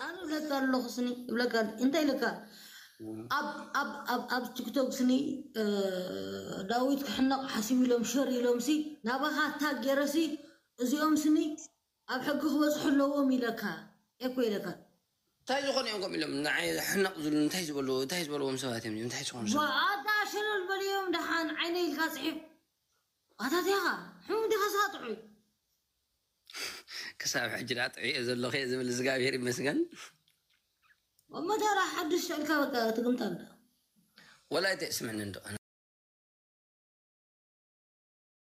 انا ولا قال لغسني ولا قال انت لك اب اب اب اب تيك توك سني داويت كحنق حسيب لهم شر لهم سي نابها تاج يرسي እዚኦም ስኒ ኣብ ሕጊ ክበፅሑ ኣለዎም ኢለካ እኮ ኢለካ እንታይ ዝኾነ እዮም ከም ኢሎም ንዓይ ሕናቕ ዝብሉ እንታይ ዝበሉ እንታይ ዝበልዎም ሰባት እዮም እንታይ ዝኾኑ ዋኣታ ሸለል በልዮም ድሓን ዓይነ ኢልካ ፅሒፍ ኣታትኻ ሕሙን ዲኻ ስኻጥዑ ክሳብ ሕጅዳ ጥዕኦ ዘሎ ከ ዝብል ዝጋብሄር መስገን መታራ ሓዱስ ዕድካበ ትግምታ ዶ ወላይተይ እስመኒ ን